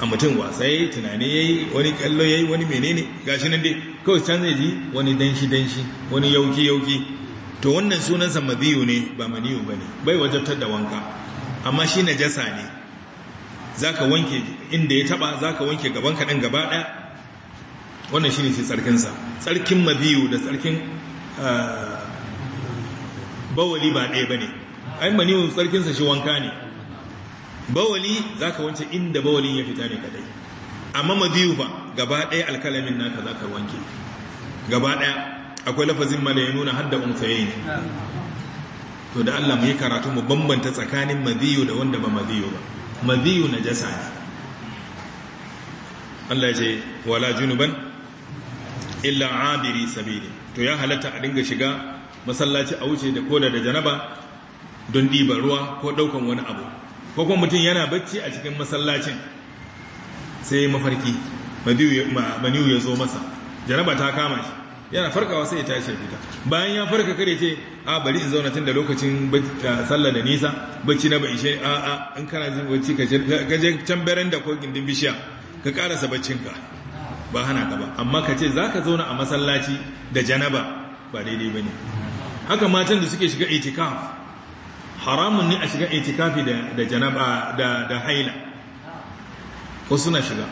a mutum wasa yayi tunani yayi wani kallo yayi wani menene gashi nan dai kawai can zai ji wani danshi danshi wani yauki yauki to wannan sunansa madiyu ne ba maniyu bane bai wajabtar da wanka amma shi najasa ne zaka wanke inda ya taba zaka wanke gaban ka din gaba daya wannan shine shi tsarkin sa tsarkin mabiyu da tsarkin ah, bawali ba ɗaya bane ai maniyu tsarkin sa shi wanka ne bawali zaka wanke inda bawalin ya fita ne kadai amma mabiyu ba gaba daya alkalamin naka zaka wanke gaba daya akwai lafazin mana ya nuna hadda umfayin to da Allah mu yi karatu mu bambanta tsakanin madiyu da wanda ba madiyu ba Mabi'u na jasa ne Allah ce wala junuban illa abiri sabili to ya halatta a dinga shiga masallaci a wuce da da janaba don ɗiban ruwa ko ɗaukan wani abu ko kuma mutum yana bacci a cikin masallacin sai mafarki maniyu ya zo masa janaba ta kama shi yana farkawa sai ya tashi fita bayan ya farka kare ce a bari in zauna tun da lokacin sallah da nisa bacci na ba ishe a a in kana jin bacci ka je can beren da kogin din bishiya ka karasa baccinka ba hana ka ba amma ka ce zaka zauna a masallaci da janaba ba daidai bane haka matan da suke shiga itikaf haramun ne a shiga itikafi da janaba da haila ko suna shiga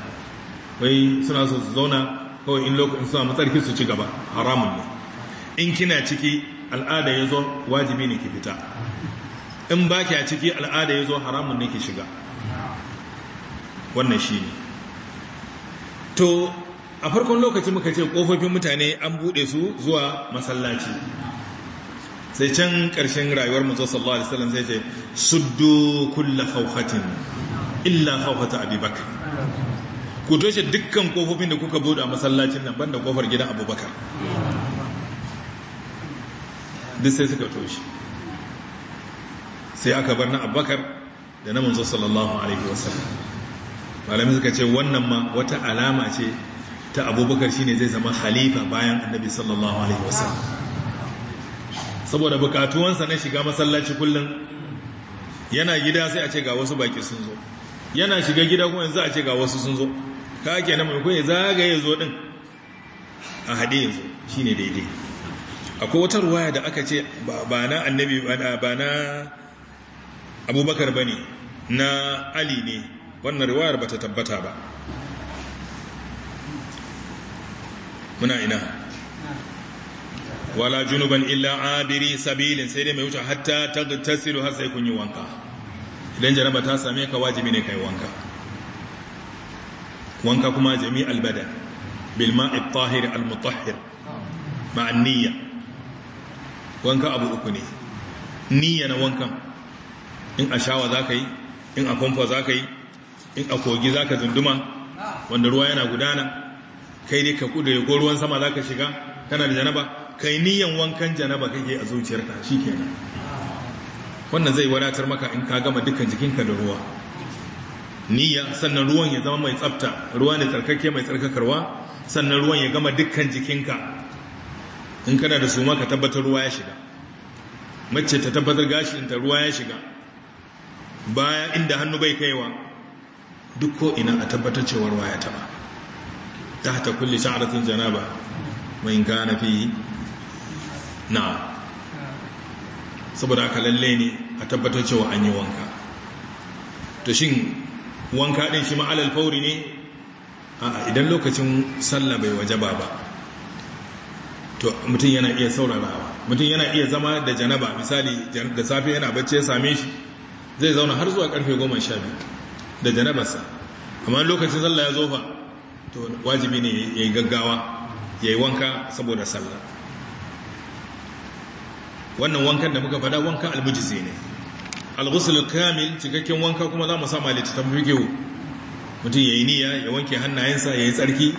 wai suna so su zauna kawai in lokacin suna matsarki su ci gaba haramun ne in kina ciki al'ada ya zo wajibi ne ki fita in ba ki a ciki al'ada ya zo haramun ne ki shiga wannan shi ne to a farkon lokaci muka ce kofofin mutane an buɗe su zuwa masallaci sai can ƙarshen rayuwar mutu sallallahu alaihi wasallam sai ce suddu kulla hauhatin illa khawhata abubakar ku toshe dukkan kofofin da kuka bude a masallacin nan banda kofar gidan abubakar duk sai suka toshe sai aka bar na abubakar da na manzo sallallahu alaihi wasallam malami suka ce wannan ma wata alama ce ta abubakar shine zai zama khalifa bayan annabi sallallahu alaihi wasallam saboda bukatuwansa na shiga masallaci kullum yana gida sai a ce ga wasu baki sun zo yana shiga gida kuma yanzu a ce ga wasu sun zo ka ke nan mai zagaye zo din a haɗe yanzu shi ne daidai akwai wata waya da aka ce ba na annabi ba na abubakar ba ne na ali ne wannan riwayar ba ta tabbata ba muna ina wala junuban illa abiri sabilin sai dai mai wuce hatta tasiru har sai kun yi wanka idan jaraba ta same ka wajibi ne ka yi wanka wanka kuma jami albada bilma al-tahir al-mutahhir ma'an niyya wanka abu uku ne niyya na wankan in a shawa za ka yi in a famfo za ka yi in a kogi za ka zunduma wanda ruwa yana gudana kai dai ka kudure ko ruwan sama za ka shiga kana da janaba kai niyyan wankan janaba kake a zuciyarka shi kenan wannan zai wadatar maka in ka gama dukkan jikinka da ruwa niyya sannan ruwan ya zama mai tsafta ruwa ne tsarkake mai tsarkakarwa sannan ruwan ya gama dukkan jikinka in kana da suma ka tabbatar ruwa ya shiga mace ta tabbatar gashinta ruwa ya shiga baya inda hannu bai kaiwa duk ko ina a tabbatar cewa ruwa ya taba ta kulli sha'ratin janaba mai in fi na saboda haka lalle ne a tabbatar cewa an yi wanka to shin wanka ɗin shi ma'alar fauri ne a idan lokacin sallah bai waje ba ba to mutum yana iya saurarawa mutum yana iya zama da janaba misali da safe yana bacci ya same shi zai zauna har zuwa karfe goma sha biyu da janabarsa amma lokacin sallah ya zo fa to wajibi ne ya yi gaggawa ya yi wanka saboda sallah wannan wankan da muka fada wanka almujizi ne alghusl kamil cikakken wanka kuma za mu sa malici ta fikihu mutum yayi niyya ya wanke hannayensa yayi tsarki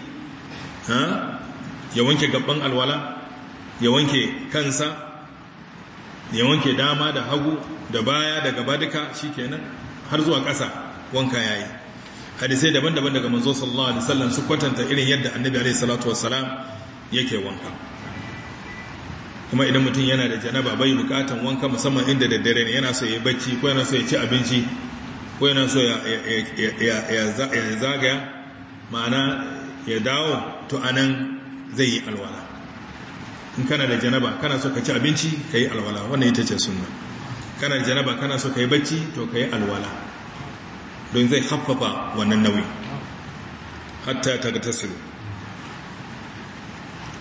ya wanke gaban alwala ya wanke kansa ya wanke dama da hagu da baya da gaba duka shikenan har zuwa ƙasa wanka yayi hadisai daban-daban daga manzo sallallahu alaihi wasallam su kwatanta irin yadda annabi alaihi salatu wassalam yake wanka kuma idan mutum yana da janaba bai bukatan wanka musamman inda da dare ne yana so ya bacci ko yana so ya ci abinci ko yana so ya zagaya ma'ana ya dawo to anan zai yi alwala in kana da janaba kana so ka ci abinci ka yi alwala wannan ita ce sunna kana da janaba kana so ka yi bacci to ka yi alwala don zai haffafa wannan nauyi hatta ta ga tasiru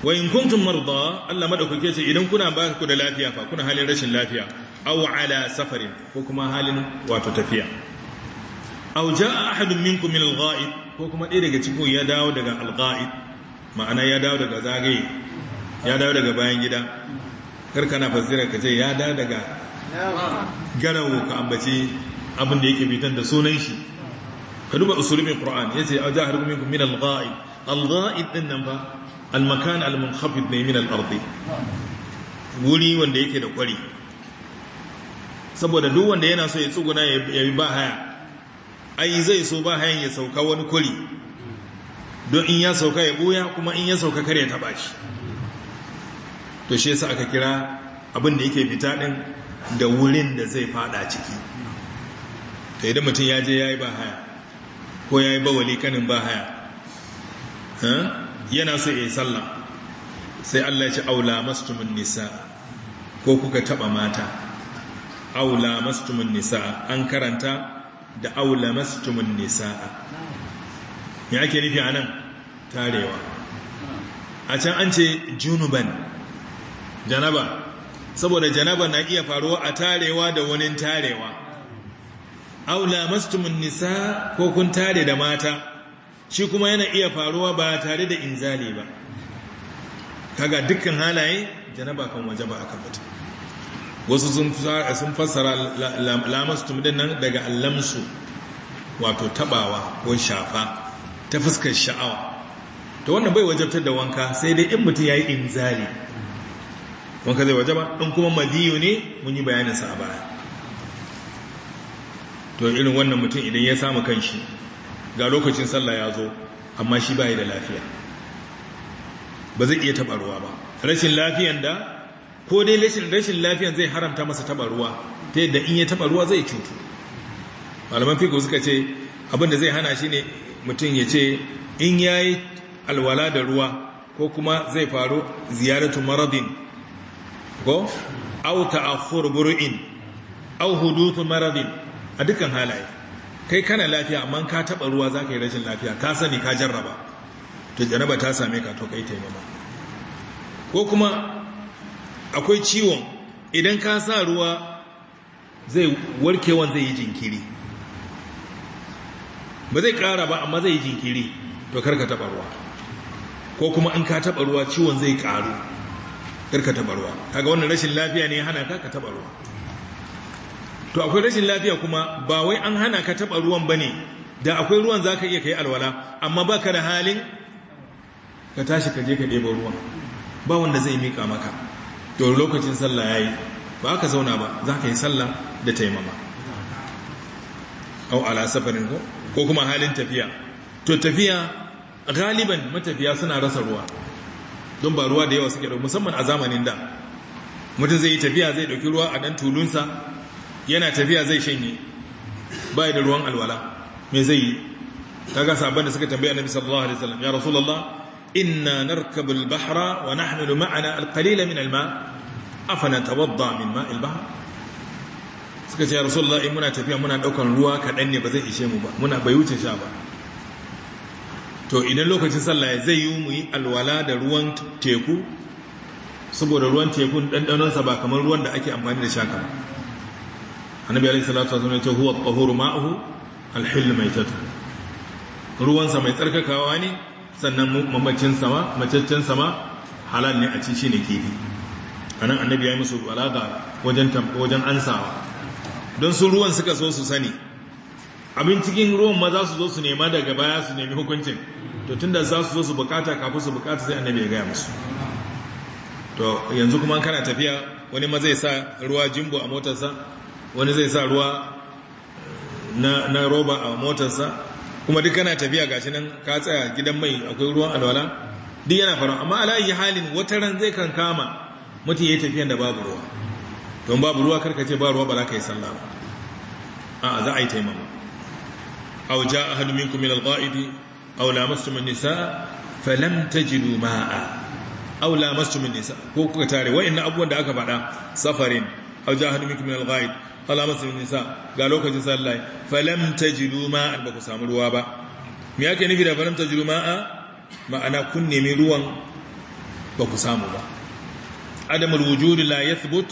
wa in kuntum marda Allah madaukake ce idan kuna ba ku da lafiya fa kuna halin rashin lafiya aw ala safarin ko kuma halin wato tafiya aw jaa ahadun minkum min al-gha'id ko kuma ɗaya daga cikin ya dawo daga al-gha'id ma'ana ya dawo daga zagaye ya dawo daga bayan gida kar kana fasira ka ce ya dawo daga garawo ka ambaci abin da yake bitan da sunan shi ka duba usulubin qur'an yace aw jaa ahadun minkum min al-gha'id al-gha'id din nan ba almakan almunkhafid ne min al-ardi wuri wanda yake da kwari saboda duk wanda yana so ya tsuguna ya yi ba haya ai zai so ba hayan ya sauka wani kuri don in ya sauka ya buya kuma in ya sauka kar ya taba shi to shi yasa aka kira abin da yake fita din da wurin da zai fada ciki ta idan mutum ya je ya yi ba haya ko ya yi bawali kanin ba haya yana so ya yi sallah sai Allah ya ce aula mastumin nisa ko kuka taɓa mata aula mastumin nisa an karanta da aula mastumin nisa ya ake nufi a nan tarewa a can an ce junuban janaba saboda janaba na iya faruwa a tarewa da wani tarewa aula mastumin nisa ko kun tare da mata shi kuma yana iya faruwa ba tare da inzali ba kaga dukkan halaye janaba kan waje ba aka fita wasu sun fassara lamastu mudan nan daga allamsu wato tabawa ko shafa ta fuskar sha'awa to wannan bai wajabtar da wanka sai dai in mutum yayi inzali wanka zai wajaba in kuma madiyu ne mun yi bayanin sa a baya to irin wannan mutum idan ya samu kan shi. ga lokacin sallah ya zo amma shi ba da lafiya ba zai iya taba ruwa ba rashin lafiyan da ko dai rashin lafiyan zai haramta masa taɓa ruwa ta yadda in ya taɓa ruwa zai cutu malaman fiko suka ce abinda zai hana shi ne mutum ya ce in ya yi alwala da ruwa ko kuma zai faru ziyaratu maradin ko au ta'akhur bur'in au hudutu maradin a dukkan halaye kai kana lafiya amma ka taɓa ruwa za ka yi rashin lafiya ka sani ka jarraba to jaraba ta same ka to kai taimama ko kuma akwai ciwon idan ka sa ruwa zai warkewan zai yi jinkiri ba zai ƙara ba amma zai yi jinkiri to karka taɓa ruwa ko kuma in ka taɓa ruwa ciwon zai ƙaru karka taɓa ruwa kaga wannan rashin lafiya ne hana ka ka taɓa ruwa to akwai rashin lafiya kuma ba wai an hana ka taba ruwan ba ne da akwai ruwan za ka iya ka alwala amma ba ka da halin ka tashi ka je ka debo ruwan ba wanda zai mika maka to lokacin sallah ya yi ba ka zauna ba za ka yi sallah da taimama au ala safarin ko ko kuma halin tafiya to tafiya galiban matafiya suna rasa ruwa don ba ruwa da yawa suke da musamman a zamanin da mutum zai yi tafiya zai ɗauki ruwa a ɗan tulunsa yana tafiya zai shanye bai da ruwan alwala me zai yi kaga sabon da suka tambaya annabi sallallahu alaihi wasallam ya rasulullah inna narkabu al-bahra wa nahmilu ma'ana al-qalila min alma ma afana tawadda min ma'il bahr suka ce ya rasulullah in muna tafiya muna daukan ruwa kadan ne ba zai ishe mu ba muna bai wuce sha ba to idan lokacin sallah zai yi mu yi alwala da ruwan teku saboda ruwan tekun ɗanɗanonsa ba kamar ruwan da ake amfani da shaka ba annabi alayhi salatu wasallam yace huwa at-tahuru ma'uhu al-hil maitatu ruwan sa mai tsarkakawa ne sannan mamacin ma macaccen sama halal ne a ci shine kifi anan annabi yi musu balaga wajen wajen ansawa don su ruwan suka so su sani abin cikin ruwan ma za su zo su nema daga baya su nemi hukuncin to tunda za su zo su bukata kafin su bukata sai annabi ya gaya musu to yanzu kuma kana tafiya wani ma zai sa ruwa jimbo a motarsa wani zai sa ruwa na, na roba a motarsa kuma duk kana tafiya gashi nan ka tsaya gidan mai akwai ruwan alwala duk yana faru amma alayi halin wata ran zai kan kama mutum ya tafiyan da babu ruwa don babu ruwa karka ce ba ruwa ba za ka yi sallah ba a za a yi taimama aw a ahadun minkum min al-gha'idi aw lamastum an-nisaa falam tajidu ma'a aw lamastum an nisa ko kuka tare na abubuwan da aka faɗa safarin aw jaa ahadun minkum min al-gha'id alamatu nisa ga lokacin sallah falam tajidu ma ba ku samu ruwa ba me yake nufi da falam tajidu ma ma'ana kun nemi ruwan ba ku samu ba adamul wujud la yathbut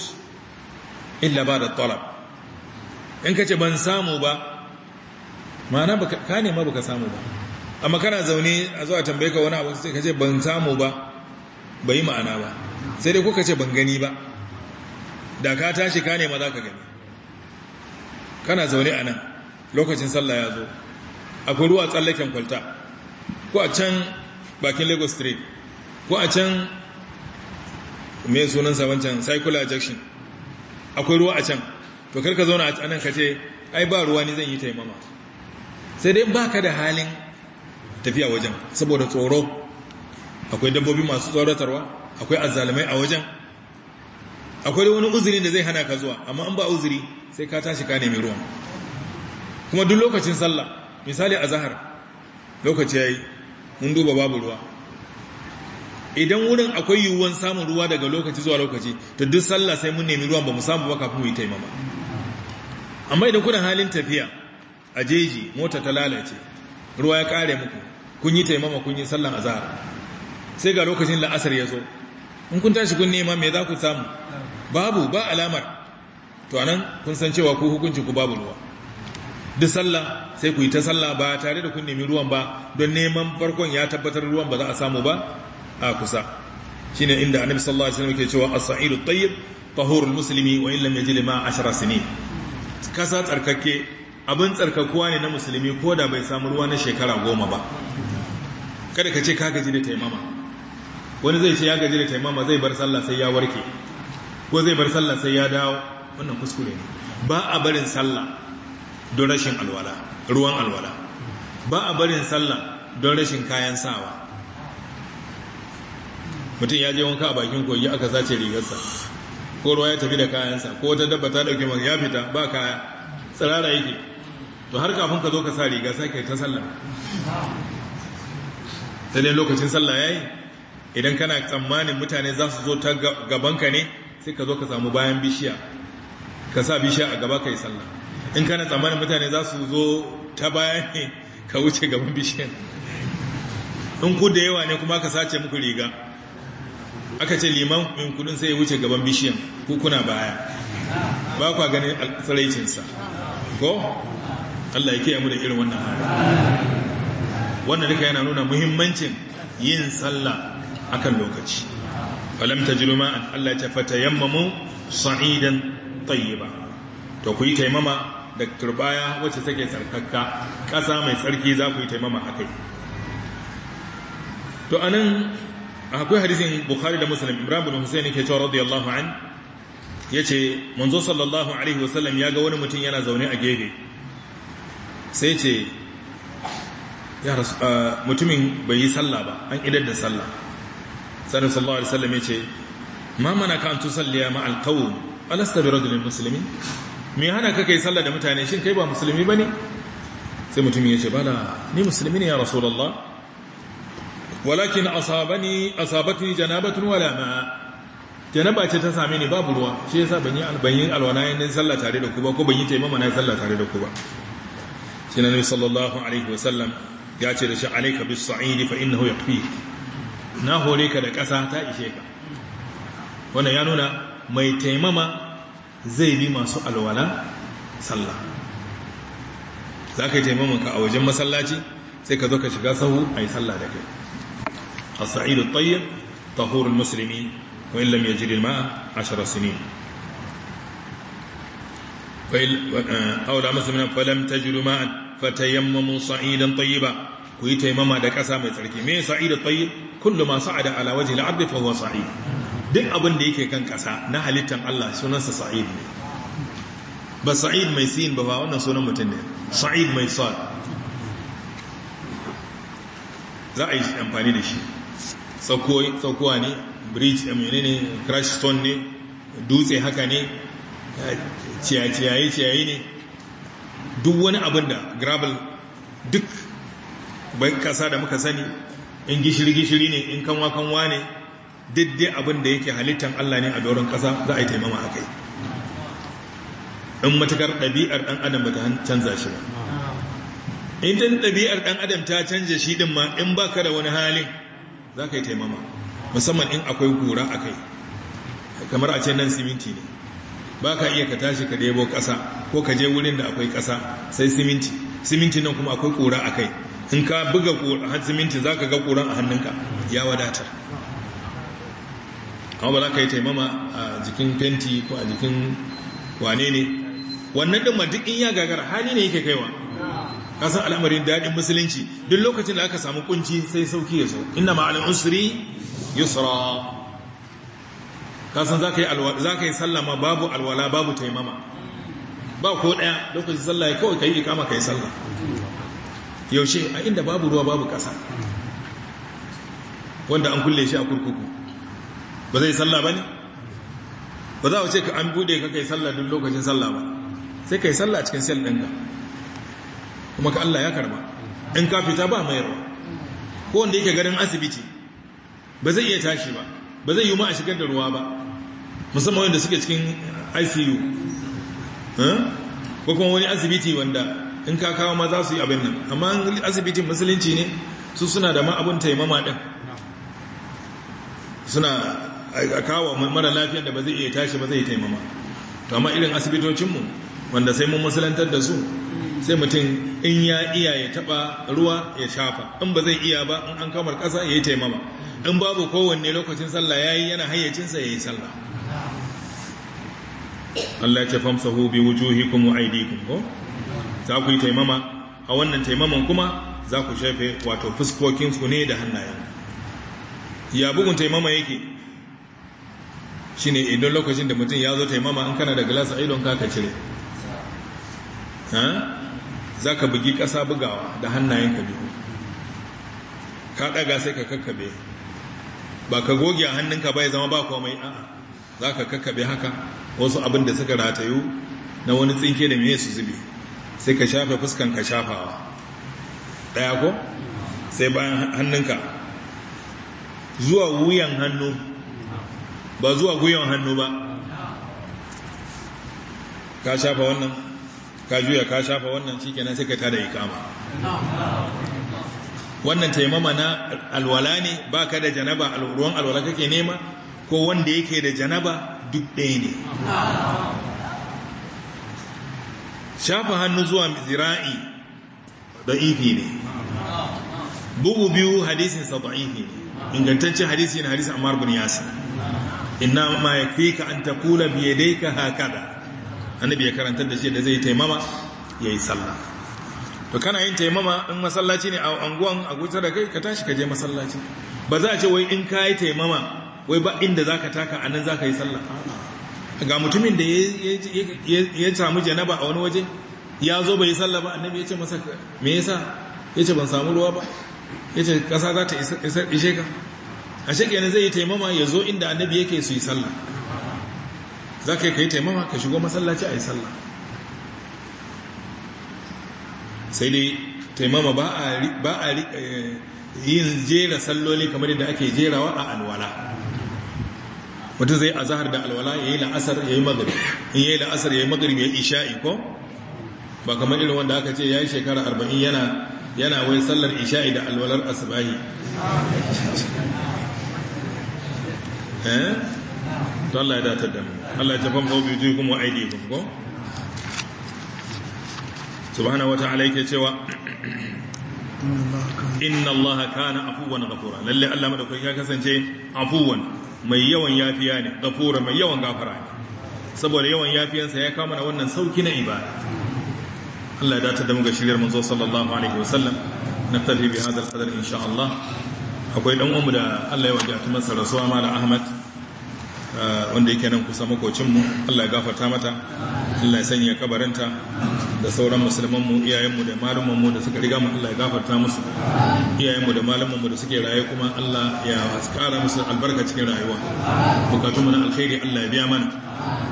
illa ba da talab in kace ban samu ba ma'ana ka nema ka samu ba amma kana zaune a zuwa tambaye ka wani abu sai ce ban samu ba bai ma'ana ba sai dai kuka ce ban gani ba da ka tashi ka nema za ka gani kana zaune a nan lokacin sallah ya zo akwai ruwa tsallaken kwalta ko a can bakin lagos street ko a can mai sunansa wancan circular junction akwai ruwa a can to karka zauna a nan ka ce ai ba ruwa ni zan yi taimama sai dai baka da halin tafiya wajen saboda tsoro akwai dabbobi masu tsoratarwa akwai azzalumai a wajen akwai wani uzuri da zai hana ka zuwa amma an ba uzuri sai ka tashi ka nemi ruwan kuma duk lokacin sallah misali a zahar lokaci ya yi mun duba babu ruwa idan wurin akwai yiwuwan samun ruwa daga lokaci zuwa lokaci to duk sallah sai mun nemi ruwan ba mu samu ba kafin mu yi taimama amma idan kuna halin tafiya a jeji mota ta lalace ruwa ya kare muku kun yi taimama kun yi sallah a zahar sai ga lokacin la'asar ya zo in kun tashi kun nema me za ku samu babu ba alamar to anan kun san cewa ku hukunci ku babu ruwa duk sallah sai ku yi ta sallah ba tare da kun nemi ruwan ba don neman farkon ya tabbatar ruwan ba za a samu ba a kusa shine inda annabi sallallahu alaihi wasallam yake cewa as-sa'idu tayyib al muslimi wa in lam yajid ma 10 sinin kasa tsarkake abin tsarkakuwa ne na musulmi ko da bai samu ruwa na shekara goma ba kada ka ce ka gaji da taimama wani zai ce ya gaji da taimama zai bar sallah sai ya warke ko zai bar sallah sai ya dawo wannan kuskure ne ba a barin sallah don rashin alwala ruwan alwala ba a barin sallah don rashin kayan sawa mutum ya je wanka a bakin kogi aka sace rigarsa ko ruwa ya tafi da kayansa ko wata dabba ta dauke maka ya fita ba kaya tsirara yake to har kafin ka zo ka sa riga sake ta sallah sai dai lokacin sallah yayi idan kana tsammanin mutane za su zo ta gabanka ne sai ka zo ka samu bayan bishiya ka sa bishiya a gaba ka yi sallah in kana tsammanin mutane za su zo ta baya ne ka wuce gaban bishiyan in ku da yawa ne kuma ka sace muku riga aka ce liman in kudin sai wuce gaban bishiyan ku kuna baya ba kwa ganin tsaraicinsa ko Allah ya kiyaye mu da irin wannan hali wannan duka yana nuna muhimmancin yin sallah akan lokaci falam tajlu an Allah ya yammamu sa'idan tayyiba to ku yi taimama da turbaya wacce take sarkakka ƙasa mai tsarki za ku yi taimama a kai to anan akwai hadisin bukhari da muslim ibrahim bin husaini ke cewa radiyallahu an yace manzo sallallahu alaihi wasallam ya ga wani mutum yana zaune a gefe sai ce ya rasu mutumin bai yi sallah ba an idar da sallah sallallahu alaihi wasallam yace ma mana kan an tusalliya ma alqawm alasta bi rajulin muslimin me hana ka sallah da mutane shin kai ba musulmi bane sai mutum ya ce bala ni musulmi ne ya rasulullah walakin asabani asabatu janabatun wala ma janaba ce ta same ni babu ruwa shi yasa ban yi albanyin alwana yin sallah tare da ku ba ko ban yi taimama na sallah tare da ku ba shi na nabi sallallahu alaihi wa sallam ya ce da shi alayka bis sa'id fa innahu yakfi na hore ka da ƙasa ta ishe ka wannan ya nuna mai taimama zai bi masu alwala sallah za ka yi taimamanka a wajen masallaci sai ka zo ka shiga sahu a yi sallah da kai a sa'idu ta tahurul musulmi wa'in lam ya jirin shara ashirar sinin aula eh, musulmi falam ta jiru ma ma'a fatayammamu sa'idan ba ku yi taimama da ƙasa mai tsarki me sa'idu tayyar kullum ma sa'ada ala waje la'ar fa huwa sa'id duk abin da yake kan kasa na halittar Allah sunansa sa'id ne ba sa'id mai sin ba ba wannan sunan mutum ne sa'id mai sa'id za a yi amfani da shi saukowa ne bridge amini eh, ne crash stone ne dutse haka ne ciyayi-ciyayi ne duk wani abin da gravel duk bai kasa da muka sani in gishiri-gishiri ne in kanwa-kanwa ne Daidai abin da yake halittar Allah ne a doron ƙasa za a yi taimama a kai in matakar ɗabi'ar ɗan adam ba canza shi ba ta ɗabi'ar ɗan adam ta canza shi ɗin ma in ba da wani halin za ka yi taimama musamman in akwai gura a kai kamar a ce nan siminti ne ba ka iya ka tashi ka debo ƙasa ko ka je wurin da akwai ƙasa sai siminti siminti nan kuma akwai ƙura a kai in ka buga siminti za ka ga ƙuran a hannunka ya wadatar amma ba za ka yi taimama a jikin fenti ko a jikin wane ne wannan ɗin ma duk in ya gagara hali ne yake kaiwa kasan al'amarin daɗin musulunci duk lokacin da aka samu kunci sai sauki ya zo inna ma'alin usri yusra kasan za ka yi sallama babu alwala babu taimama ba ko ɗaya lokacin sallah ya kawai ka yi ikama ka yi sallah yaushe a inda babu ruwa babu ƙasa wanda an kulle shi a kurkuku ba zai sallah ba ne ba za a ce an bude ka kai sallah duk lokacin sallah ba sai ka yi sallah a cikin sel ɗinka kuma ka Allah ya karba in ka fita ba ba ko wanda yake garin asibiti ba zai iya tashi ba ba zai yi ma a shigar da ruwa ba musamman wanda suke cikin ICU ko kuma wani asibiti wanda in ka kawo ma za su yi abin nan amma asibitin musulunci ne su suna da ma abin taimama ɗin suna a kawo mara lafiyar da ba zai iya tashi ba zai taimama to amma irin asibitocinmu wanda sai mun musulantar da su sai mutum in ya iya ya taba ruwa ya shafa in ba zai iya ba in an kamar ƙasa ya yi taimama in babu kowanne lokacin sallah ya yi yana hayyacinsa ya yi sallah Allah ce bi ko za ku yi taimama a wannan taimaman kuma za ku shafe wato fuskokin ne da hannayen ya bugun taimama yake ne idan lokacin da mutum ya zo taimama in kana da glass idon ka ka cire za ka bugi ƙasa bugawa da hannayen ka biyu ka ɗaga sai ka kakkabe ba ka goge a hannunka ba ya zama ba komai a'a za ka kakkabe haka wasu abin da suka ratayu na wani tsinke da mai su zubi sai ka shafe fuskan ka shafawa ɗaya ko sai bayan hannunka zuwa wuyan hannu ba zuwa guyon hannu ba ka shafa wannan ka juya ka shafa wannan shi kenan sai ka tada ikama wannan taimama na alwala ne ba ka da janaba ruwan alwala kake nema ko wanda yake da janaba duk ɗaya ne shafa hannu zuwa zira'i da ifi ne bugu biyu hadisin sa Ifi ne ingantaccen hadisi ne hadisin ammar bin yasir inna ma yakfika an taqula bi yadayka hakada annabi ya karantar da shi da zai taimama yayi sallah to kana yin taimama in masallaci ne a anguwan a gutsar da kai ka tashi ka je masallaci ba za a ce wai in ka yi taimama wai ba inda zaka taka anan zaka yi sallah ga mutumin da ya samu janaba a wani waje ya zo bai sallah ba annabi ya ce masa me yasa ya ce ban samu ruwa ba ya ce ƙasa za ta ishe ka a shekene zai yi taimama ya zo inda annabi yake su yi sallah za ka yi ka yi taimama ka shigo masallaci a yi sallah sai dai taimama ba a eh, yin jera salloli kamar yadda ake jerawa a alwala mutum zai a zahar da alwala ya yi la'asar ya yi magari. in ya yi la'asar ya yi magari ya isha'i ko ba kamar irin wanda aka ce ya yi shekara arba'in yana wai sallar isha'i da alwalar asibahi eh to Allah ya datar da mu Allah ya tafam zo bi kuma wa aidikum ko subhanahu wata'ala yake cewa inna Allah kana afuwan ghafura lalle Allah madaukaki ya kasance afuwan mai yawan yafiya ne ghafura mai yawan gafara ne saboda yawan yafiyansa ya kama na wannan sauki na ibada Allah ya datar da mu ga shiryar manzo sallallahu alaihi wasallam نكتفي بهذا القدر إن شاء الله akwai dan umu da Allah ya wajata masa rasuwa mala Ahmad ah, wanda yake nan kusa makocin mu Allah ya gafarta mata Allah ya sanya kabarinta da sauran musulman mu iyayen mu da malaman mu da suka riga mu Allah ya gafarta musu iyayen mu da malaman mu da suke raye kuma Allah ya kara musu albarka cikin rayuwa bukatun mu na alkhairi Allah ya biya mana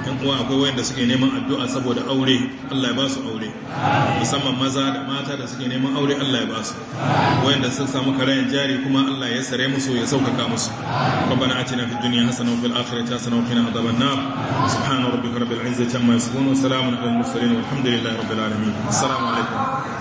yan uwa akwai wayanda suke neman addu'a saboda aure Allah ya ba su aure musamman maza da mata da suke neman aure Allah ya ba su wayanda sun samu karayan jari kuma Allah ya sare musu ya saukaka musu rabbana atina fid dunya na wa fil akhirati hasana wa qina adhaban nar subhana rabbika rabbil izzati amma yasifun wa salamun alal mursalin walhamdulillahi rabbil alamin assalamu alaikum